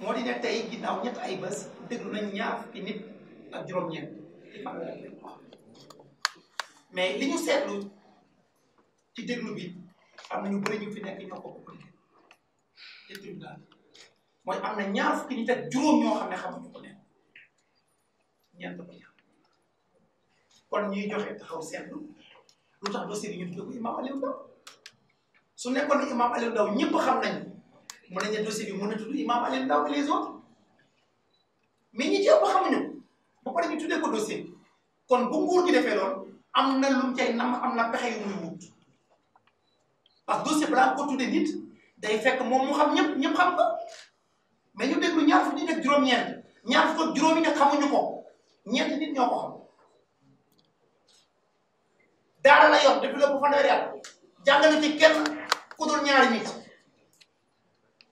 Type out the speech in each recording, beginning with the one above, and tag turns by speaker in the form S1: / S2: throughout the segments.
S1: moo di ne tey ginnaaw ñett ay bés déglu nañ ñaar fukki nit ak juróom-ñeent mais li ñu seetlu ci déglu bi am na ñu bëri ñu fi nekk ñoo ko compliqué ci tribunal mooy am na ñaar fukki nit ak juróom ñoo xam ne xamuñu ko leen ñeent ba ñaar kon ñuy joxe taxaw seetlu lu tax dossier bi ñu tuddee ko Imam Aliou Ndao su nekkoon ne Imam Aliou Ndao ñëpp xam nañu mën nañu ne dossier na tudd Imam Aliou Ndao et les autres mais ñi ci ëpp xamuñu ba pare ñu tuddee ko kon bu nguur ñu defee loolu am na lu mu cay nam am na pexe yu muy wut parce que dossier balaa ko tuddee nit day fekk moom mu xam ñëpp ñëpp xam ko mais ñu déglu ñaar fukki nit ak juróom-ñeent nit ñoo ko xam. daara la yor depuis lépp fanweeri at jàngale ci kenn ku dul ñaari nit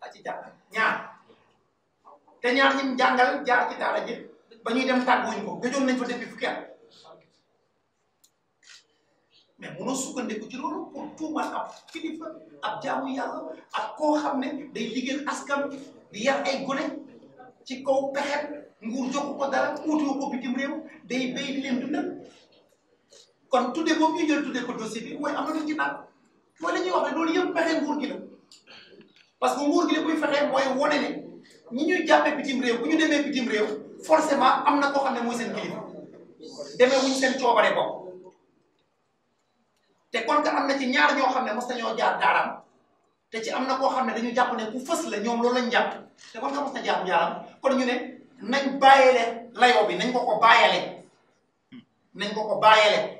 S1: a ci jàng ñaar te ñaar ñi jàngal jaar ci daara ji ba ñuy dem tàgguñu ko gëjoon nañ fa depuis fukki at mais mënoo sukkandiku ci loolu pour tuumal ab kilifa ab jaamu yàlla ak koo xam ne day liggéeyal askan di yar ay gone ci kaw pexet nguur joxu ko dara uutiwu ko bitim réew day béy di kon tudde boobu ñu jël tudde ko dossier bi am na lu ci naan la ñuy wax ne loolu yëpp pexe nguur parce que nguur gi la buy mooy wone ne ñi ñuy jàppee bitim réew bu ñu demee bitim forcément am na koo xam ne mooy seen kilifa demee wuñ seen coobare bopp te kon ka am na ci ñaar ñoo xam ne mos nañoo jaar daaram te ci na koo xam ne dañu jàpp ne ku la ñoom loolu lañ jàpp te kon ka jaaram kon ñu ne nañ bàyyele layoo bi nañ koo ko bàyyele nañ ko ko bàyyele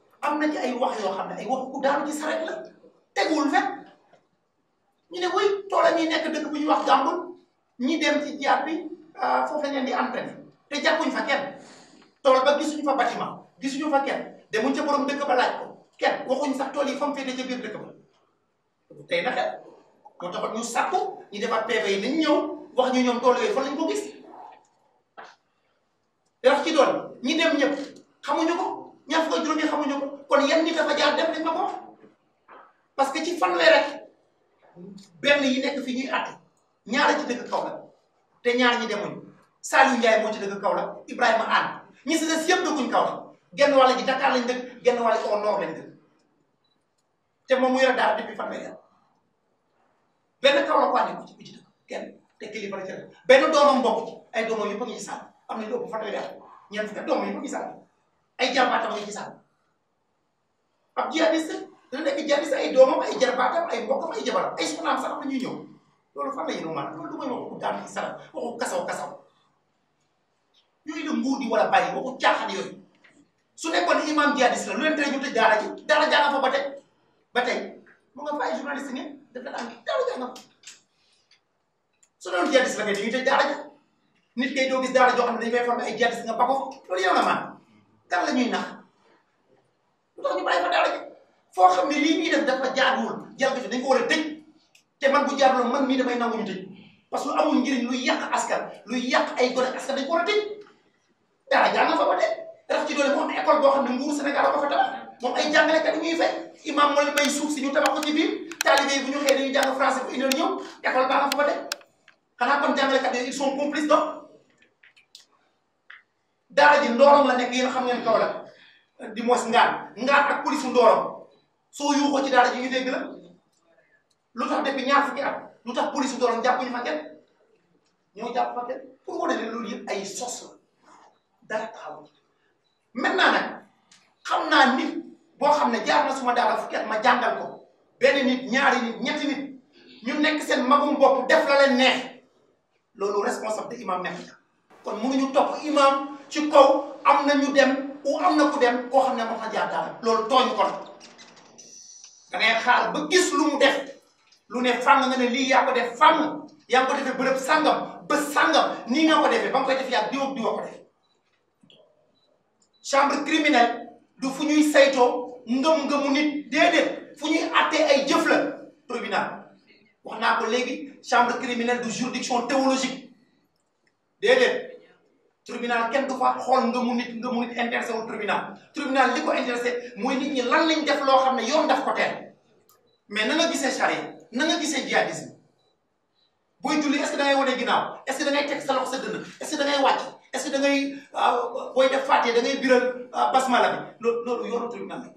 S1: am na ci ay wax yoo xam ne ay wax ku daanu ci saret la teguwul fet ñu ne wuy toolam yi nekk dëkk bu ñuy wax jàmbul ñi dem ci jiyaat bi euh, foofu lañ leen di entraîné te jàppuñ fa kenn tool ba gisuñu fa bâtiment gisuñu fa kenn demuñ ca borom dëkk ba laaj ko kenn waxuñ sax tool yi fa mu féete ca biir dëkk ba tey na xel moo taxoon ñu sàkku ñu defar PV nañ ñëw wax ñu ñoom tool yooyu fan lañ ko gis. te ci doon ñi dem ñëpp xamuñu ko. démb kon yenn nit dafa jaar dem nañ ma ko parce que ci fanweer rek benn yi nekk fi ñuy àtte ñaara ci dëkk Kaolack te ñaar ñi demuñu Saliou Ndiaye moo ci dëkk Kaolack la Anne ñi si des yëpp dëkkuñ Kaolack genn wàll ji Dakar lañ dëkk genn wàll ji au lañ dëkk te moom mu yore daal depuis fanweer yàlla benn Kaolack waa nekk ci ku ci dëkk kenn te kilifa la ca def benn doomam bokk ci ay doomam yëpp a ngi ci sàll am nañu ëpp fanweer yàlla ñeent fukki doomam yëpp a ngi sàll ay jàmbaatam a ngi ci sàll ab jihadiste dana nekk jihadiste ay doomam ay ay mbokkam ay jabaram ay soxnaam sax la ñuy ñëw loolu fan la ma a mën loolu du may waxu daanaka sax waxu kasaw kasaw yooyu la nguur yooyu su nekkoon imam jihadiste la lu leen tere ñu tëj daara ji jaa fa ba tey ba tey mu nga fa ay journaliste ngeen def na daanaka daara jaa nga fa su doon jihadiste nit kay doo gis daara joo xam ne dañu fay former ay jihadiste nga ba ko fa loolu la ñuy nax. lu tax ñu bàyyi fa daara ji foo xam ne lii ñuy def dafa jaaduwul jàng fi dañ ko war a tëj te man bu jaaduloon man mii damay nangu ñu tëj parce que lu amul njëriñ luy yàq askan luy yàq ay gone askan dañ ko war a tëj na fa de raf ci doole moom école boo xam ne nguuru Sénégal a ko fa yi ñuy imam moo leen suuf si ñu tabax ko ci biir taalibe yi bu ñu xëy dañuy jàng français bu indil ñëw école baa nga fa ba de xanaa kon jàngalekat yi ils sont complices donc daara ji ndoorom la nekk yéen xam ngeen kaw la di mos ngaan ngaan ak police ndooram soo yuuxoo ci daara ji ñu dégg la lu tax depuis ñaar fukki at lu tax police ndooram jàppuñu fa kenn ñoo jàpp fa kenn pour wane loolu yëpp ay sos la xam naa nit boo xam ne jaar na suma daara fukki ma jàngal ko benn nit ñaari nit ñetti nit ñu nekk seen magum bopp def la leen neex loolu responsabilité imam nekk kon mënuñu topp imam ci kaw am na ñu dem. ou amna ku dem ko xamne ne fa na jaar daara ko la da ngay xaar ba gis lu mu def lu ne fam nga ne li ya ko def fam ya ko def beurep sangam ba sangam ni nga ko def ba nga koy def ya diw ak diw ko def chambre criminelle du fuñuy ñuy ngam ngamu nit dedet fuñuy até ay jëf la tribunal waxna ko léegi chambre criminelle du juridiction théologique dedet tribunal kenn du fa xool nga mu nit nga mu nit intéressé wu tribunal tribunal li ko intéressé mooy nit ñi lan lañ def loo xam ne yoon daf ko teel mais na nga gisee charia na nga gisee jihadisme booy julli est-ce que da ngay wane ginnaaw est-ce que da ngay teg sa loxo sa dënn est-ce que da ngay wàcc est-ce da ngay ah, booy def fàtte da ngay biral ah, basmala bi loolu loolu yoonu tribunal la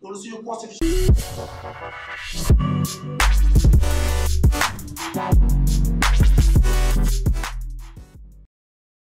S1: loolu suñu constitution